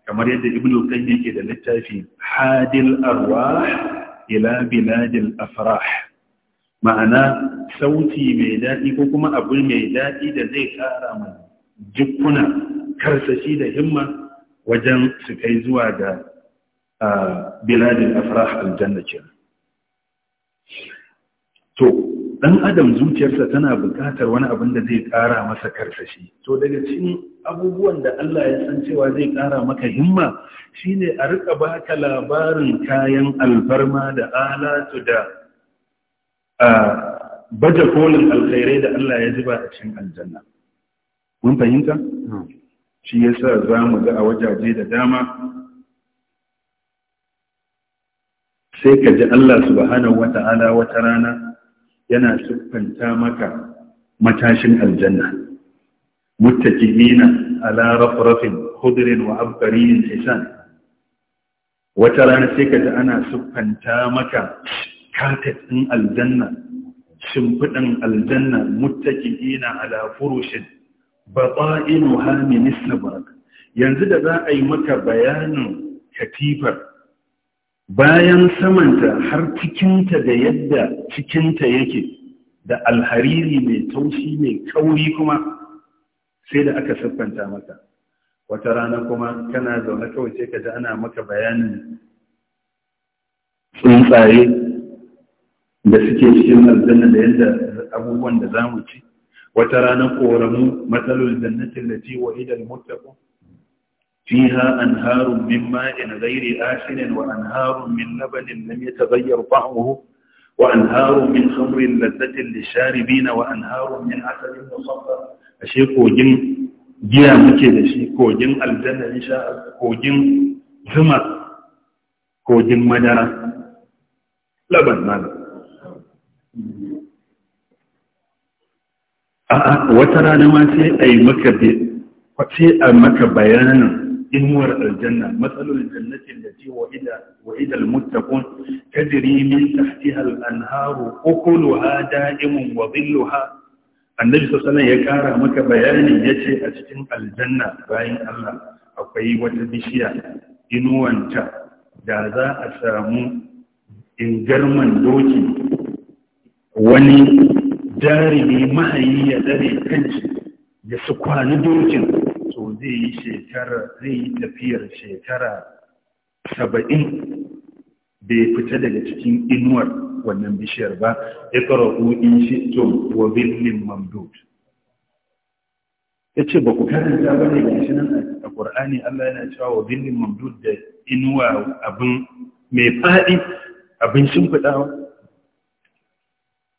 kamar yadda ibn al-qayyim yake da littafi hadil arwah ila biladil afrah ma'ana sauti mai daɗi ko kuma abu mai daɗi da zai ƙara ma jikuna karsashi da himma wajen su kai zuwa ga biladin afrah aljanna ce to ɗan adam zuciyarsa tana buƙatar wani abin da zai ƙara masa karsashi to daga cikin abubuwan da Allah ya san cewa zai ƙara maka himma shine a rika baka labarin kayan alfarma da alatu da baje kolin alkhairai da Allah ya zuba a cikin aljanna mun fahimta hmm. shi sa za mu ga a wajaje da dama sai ka ji Allah subhanahu wata'ala wata rana yana siffanta maka matashin aljanna muttaqiina ala rafrafin khudrin wa abqariyin hisan wata rana sai ka ji ana siffanta maka Kafet ɗin aljanna shimfiɗin aljanna ina ala furushin batsa'inu ha min sabak yanzu da za a yi maka bayanin katifar bayan samanta har cikinta da yadda cikinta yake da alhariri mai taushi mai kauri kuma sai da aka siffanta maka wata rana kuma kana zaune kawai sai ka ji ana maka bayanin tsuntsaye da suke cikin aljanna da yadda abubuwan da za mu ci wata rana koramu matsalol jannatin da ci wa idan mutaku fiha anharun min ma'in ghairi ashinin wa anharun min labanin lam yataghayyar ta'muhu wa anharun min khamrin lazzatin bina wa anharun min asalin musaffar ashe kogin giya muke da shi kogin aljanna insha Allah kogin zuma kogin madara laban malam a'a wata rana ma sai a yi maka sai a maka bayanin inuwar aljanna matsalolin jannatin da ce wa'idal muttaqun tajri min tahtiha al ukulu ukuluha da'imun wa dhilluha annabi sallallahu ya kara maka bayani yace a cikin aljanna bayan Allah akwai wata bishiya inuwanta da za a samu ingarman doki wani jarumi mahayi ya dare kanci da su kwanu dokin to zai yi shekara zai yi tafiyar shekara saba'in bai fita daga cikin inuwar wannan bishiyar ba ya fara in shi to wa birnin mamdud ya ce ba ku karanta ba ne gashi nan a ƙur'ani allah yana cewa wa birnin mamdud da inuwa abin mai faɗi abin shimfiɗawa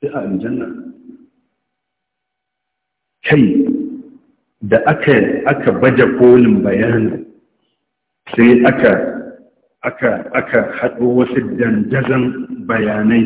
sai kai da aka aka baje kolin bayani sai aka aka haɗo wasu dandazon bayanai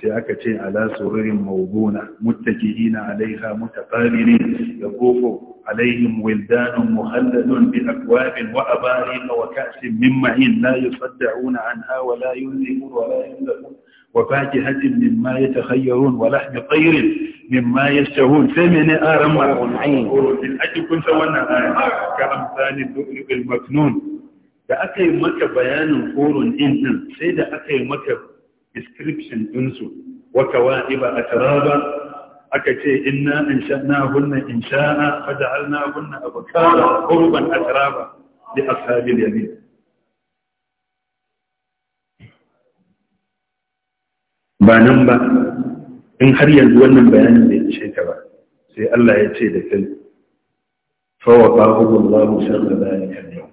sai aka ce ala tsoririn mawuguna mutakihi na alaiha mutakari ne ga kofo alaihim wildanun muhalladun bi akwabin wa abari wa kasin mimma yin an hawa la yunzi wa وفاكهة مما يتخيرون ولحم طير مما يشتهون سمعني آرما من أجل كنت وانا آية كأمثال اللؤلؤ المكنون da aka yi maka bayanin horon ɗin ɗin sai da aka yi maka description ɗinsu waka wa'iba a taraba aka ce inna in sha'na hunna in sha'a faja'alna hunna abakara urban a taraba li ashabil yamin ba nan ba in har yanzu wannan bayanin ka ba sai Allah ya ce da kai fawa sharra yau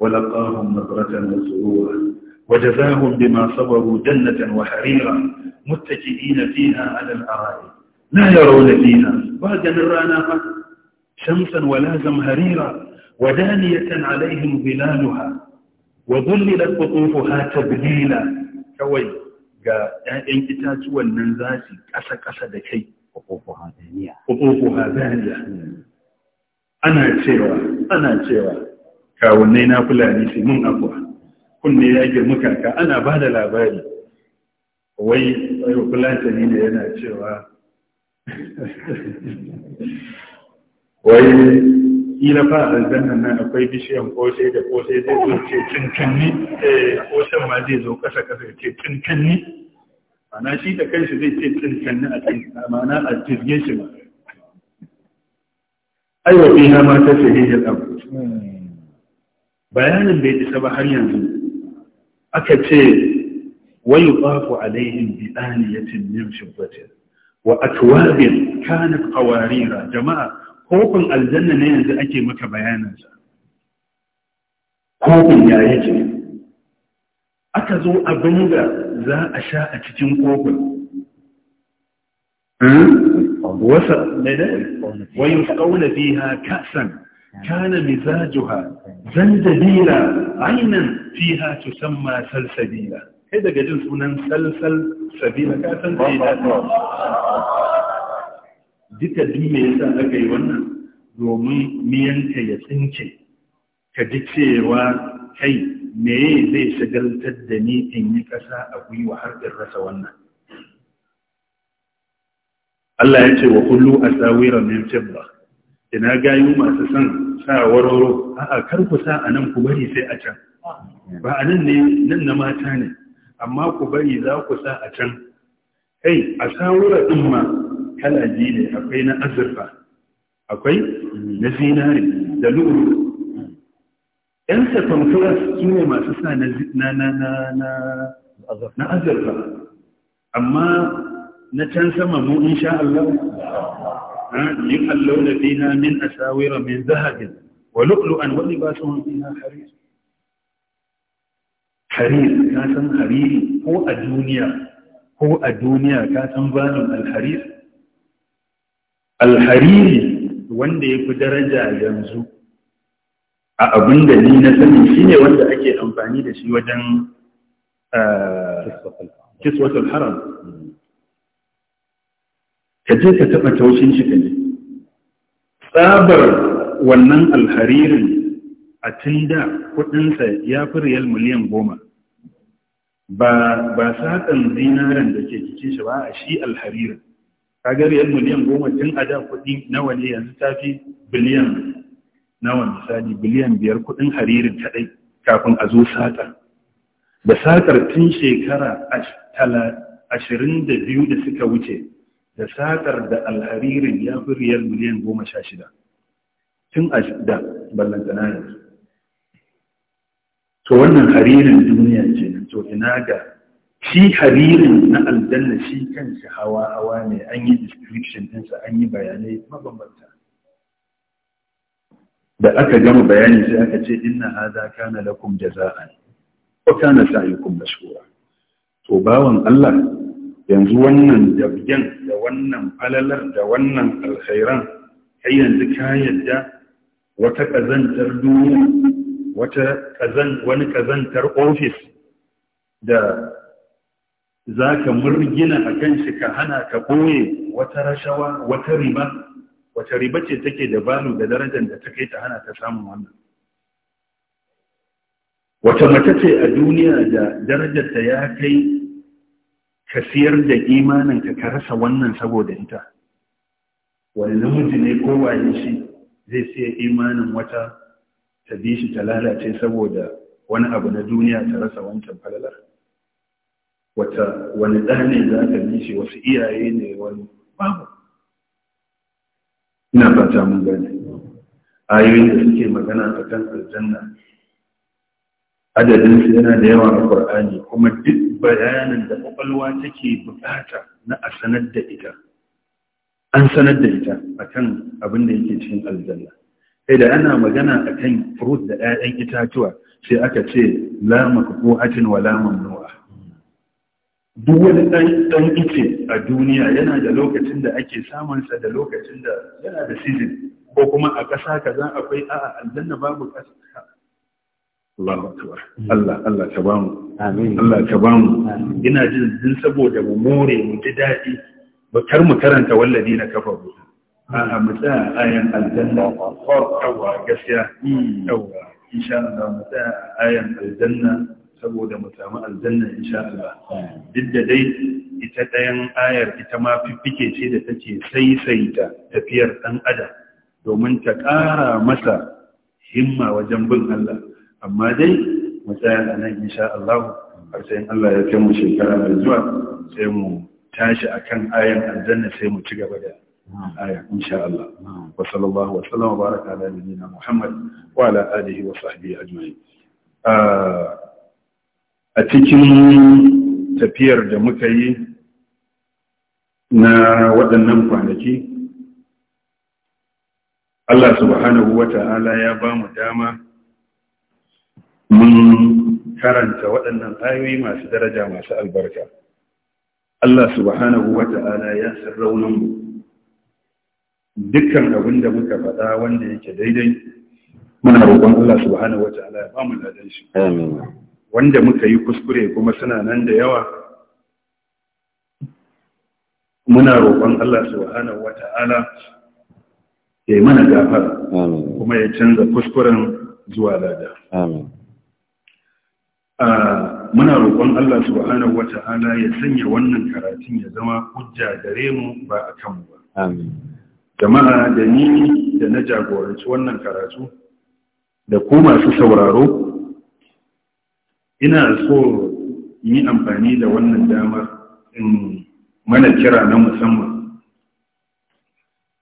ولقاهم نظرة وسرورا وجزاهم بما صبروا جنة وحريرا متكئين فيها على الأرائك لا يرون فيها بعد الرانا شمسا ولا زمهريرا ودانية عليهم ظلالها وظللت قطوفها تبليلا كويس ga ‘ya'yan itatuwan nan za su ƙasa-ƙasa da kai. Ƙoƙoƙo hazaniya. Ana cewa, ana cewa, kawunai na Fulani sai mun afuwa. Kunne ya girma kaka ana ba da labari. Wai, wai ne da yana cewa, wai kila fa aljannan nan akwai bishiyan koshe da koshe zai zo ce cinkanni eh koshen ma zai zo kasa kasa ce cinkanni ana shi da kanshi zai ce cinkanni a cikin amana a jirgin shi ba. aiwa biya ma ta ce hijir abu bayanin bai isa ba har yanzu aka ce wayu alaihin alaihim ya ɗaniyatin min shubbatin wa atwabin kanat qawarira jama'a kofin aljanna ne yanzu ake maka bayanansa kofin ya yake aka zo abin da za a sha a cikin kofin hmm? wasa wayin kauna fiha kasan kana mizajuha zanjabila ainan fiha tusamma salsabila kai daga jin sunan salsal sabila kasan da ya duka dume yasa aka yi wannan domin miyanka ya tsince ka ji cewa kai meye zai shagaltar da ni in yi ƙasa a gwiwa har in rasa wannan Allah ya ce wa kullu a tsawira min cibba ina gayu masu son sa waroro a'a kar ku sa a nan ku bari sai a can ba a nan ne nan na mata ne amma ku bari za ku sa a can kai a tsawira din ma kala biyu ne akwai na azurfa akwai na zinari da lu'ulu yan sakamfuras su ne masu sa na na na azurfa amma na can sama mu insha Allah yin Allah na biya min asawira min zahabin wa lu'lu'an wani ba su biya harir harir ka san hariri ko a duniya ko a duniya ka san valin alharir alhariri wanda ya fi daraja yanzu a abin da ni na sani shi wanda ake amfani da shi wajen eh, kiswatul haram ka je ka taɓa taushin shi ka ne tsabar wannan alharirin a tun da kudinsa ya fi riyal miliyan goma ba saƙan zinaren da ke cikin shi ba a shi alharirin kagar yan miliyan goma tun a da kuɗi nawa ne yanzu ta fi biliyan nawa misali biliyan biyar kuɗin haririn kaɗai kafin a zo sata. da satar tun shekara ashirin da biyu da suka wuce da satar da alharirin ya fi riyar miliyan goma sha shida tun a da ballantana yanzu to wannan haririn duniya ce to ina ga shi haririn na aljanna shi kanshi hawa hawa ne an yi description ɗinsa an yi bayanai mabambanta da aka gama bayani sai aka ce inna hadha kana lakum jaza'an wa kana sa'yukum mashkura to bawan Allah yanzu wannan dabgen da wannan falalar da wannan alkhairan kai yanzu ka yadda wata kazantar duniya wata kazan wani kazantar office da za ka murgina a kan shi ka hana ka ɓoye wata rashawa wata riba wata riba ce take da balu da darajar da ta kai ta hana ta samun wannan wata mace ce a duniya da darajar ta ya kai ka siyar da imaninka ka rasa wannan saboda ita wani namiji ne ko waye shi zai siya imanin wata ta bi shi ta lalace saboda wani abu na duniya ta rasa wancan falalar wata wani ɗa ne za ka bi shi wasu iyaye ne wani babu ina fata mun gani ayoyin da suke magana a kan aljanna adadin su yana da yawa a Qur'ani kuma duk bayanin da kwakwalwa take bukata na a sanar da ita an sanar da ita akan abin da yake cikin aljanna sai da ana magana a kan furut da 'ya'yan itatuwa sai aka ce la makfuhatin wa mamnu'a duk wani ɗan ice a duniya yana da lokacin da ake samunsa da lokacin da yana da season ko kuma a ƙasa kaza akwai a'a aljanna babu ƙasa Allah Allah Allah ka bamu amin Allah ka bamu ina jin din saboda mu more mu ji daɗi ba kar mu karanta wallazi na kafa bu a'a mu tsaya ayan aljanna kawai gaskiya hmm. yawa insha Allah mu tsaya ayan aljanna saboda mu samu aljanna insha Allah duk da dai ita ɗayan ayar ita ma fiffike ce da take saisaita tafiyar ɗan adam domin ta ƙara masa himma wajen bin Allah amma dai mu tsaya a nan insha Allah har sai Allah ya kai mu shekara mai zuwa sai mu tashi akan ayan aljanna sai mu ci gaba da آية إن شاء الله وصلى الله وسلم وبارك Muhammad, نبينا ala وعلى آله وصحبه أجمعين آه a cikin tafiyar da muka yi na waɗannan kwanaki Allah subhanahu wa ta'ala ya ba mu dama mun karanta waɗannan ayoyi masu daraja masu albarka Allah subhanahu wa ta'ala ya sarraunan mu dukkan abin da muka faɗa wanda yake daidai muna roƙon Allah subhanahu wa ta'ala ya ba mu ladan shi amin wanda muka yi kuskure kuma suna nan da yawa muna roƙon Allah subhanahu wata'ala ya mana gafara kuma ya canza kuskuren zuwa lada muna roƙon Allah subhanahu wata'ala ya sanya wannan karatun ya zama hujja gare mu ba a mu ba jama'a da ni da na jagoranci wannan karatu da ku masu sauraro ina so yi amfani da wannan damar in mana kira na musamman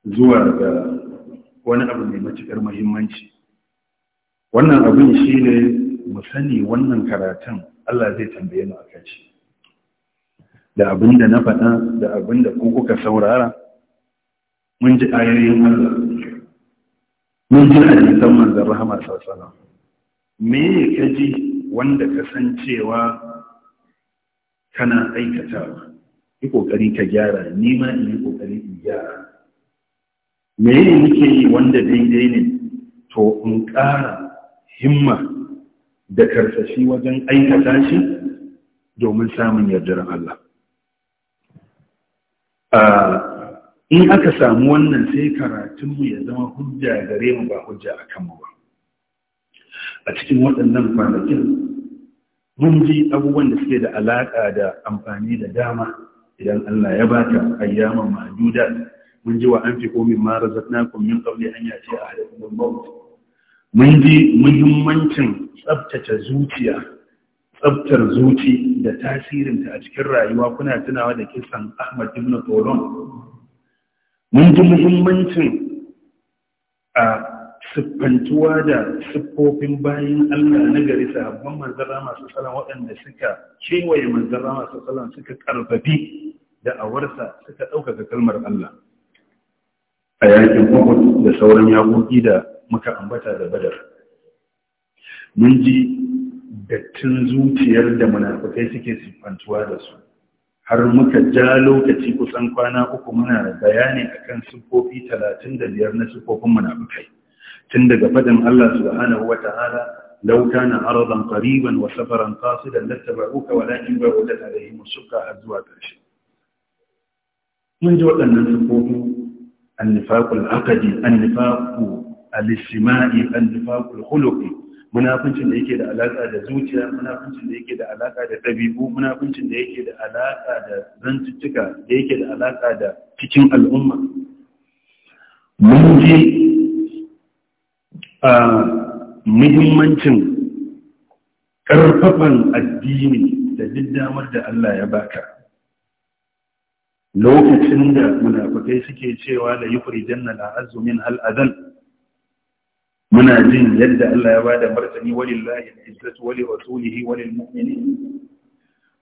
zuwa ga wani abu mai matuƙar mahimmanci wannan abin shi ne mu sani wannan karatun Allah zai tambaye mu a kan da abin da na faɗa da abin da ku kuka saurara mun ji ayoyin Allah mun ji hadisan manzon rahama sallallahu me ka ji wanda ka san cewa kana aikatawa yi ƙoƙari ka gyara ni in yi ƙoƙari in gyara me ne nake yi wanda daidai ne to in ƙara himma da karsashi wajen aikata shi domin samun yardarar Allah in aka samu wannan sai karatunmu ya zama hujja gare mu ba hujja a kanmu ba a cikin waɗannan kwanakin mun ji abubuwan da suke da alaƙa da amfani da dama idan Allah ya ba ta ayyama majuda mun ji wa an fi komin mara razaqnakum min qabli an ce a al-maut mun ji muhimmancin tsabtace zuciya tsabtar zuci da tasirinta a cikin rayuwa kuna tunawa da kisan Ahmad ibn Tolon mun ji muhimmancin a siffantuwa da siffofin bayan Allah na gari sahabban manzara masu tsalan waɗanda suka kewaye manzara masu tsalan suka ƙarfafi da awarsa suka ɗaukaka kalmar Allah a yakin kwakwat da sauran yaƙoƙi da muka ambata da badar mun ji dattin zuciyar da munafukai suke siffantuwa da su har muka ja lokaci kusan kwana uku muna bayani akan siffofi talatin da biyar na siffofin munafukai tun daga faɗin Allah subhanahu wa ta'ala law kana aradan qariban wa safaran qasidan lattaba'uka walakin ba'udat alaihim shukka har zuwa ƙarshe mun ji waɗannan sifofi annifaqul aqdi annifaqu al-ijtima'i annifaqul khuluqi munafincin da yake da alaka da zuciya munafincin da yake da alaka da dabi'u munafincin da yake da alaka da zantuttuka da yake da alaka da cikin al'umma mun ji muhimmancin ƙarfafan addini da duk damar da Allah ya baka lokacin da munafukai suke cewa la yukhrijanna a min al'adhan muna jin yadda Allah ya bada martani walillahi al'izzatu wa wani, rasulihi wa mumini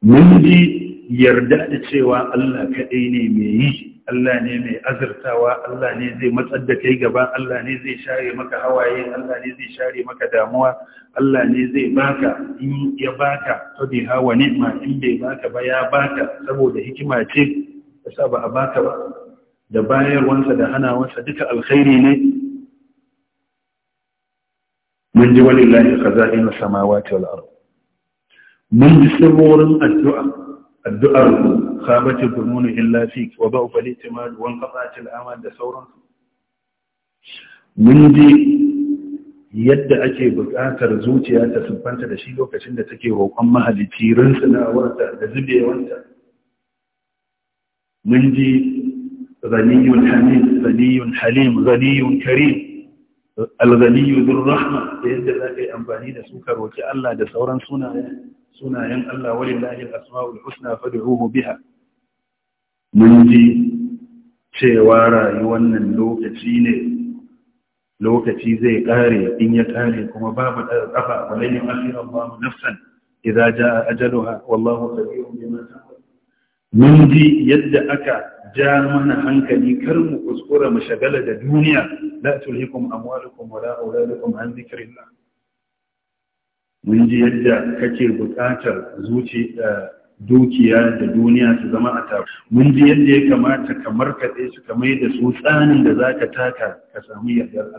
mun ji yarda da cewa Allah kaɗai ne mai yi Allah ne mai azurtawa Allah ne zai matsar da kai gaba Allah ne zai share maka hawaye Allah ne zai share maka damuwa Allah ne zai baka in ya baka to bi hawa ni'ma in bai baka ba ya baka saboda hikima ce sa ba a baka ba da bayarwansa da hanawansa duka alkhairi ne mun ji walillahi khaza'in samawati wal ard mun ji sirrin addu'a addu'ar ku khabati bununu illa wa ba'u fal ihtimal amal da mun ji yadda ake buƙatar zuciya ta siffanta da shi lokacin da take roƙon mahalici rinsunawarta da zubewanta mun ji zaniyun hamid zaniyun halim zaniyun karim alghaniyu dhur rahma da yadda za ka yi amfani da su ka Allah da sauran sunaye sunayen Allah walillahi al-asma'ul husna fad'uhu biha mun ji cewa rayu wannan lokaci ne lokaci zai ƙare, in ya kare kuma babu kafa wallahi akhir Allah nafsan idza jaa ajaluha wallahu khabirun bima mata? mun ji yadda aka ja mana hankali kar mu kuskura mu shagala da duniya la tulhikum amwalukum wala auladukum an dhikrillah mun ji yadda kake buƙatar zuci eh, dukiya da duniya su zama a tafi mun ji yadda ya kamata ka markaɗe su ka mai da su tsanin da za ka taka ka samu yardar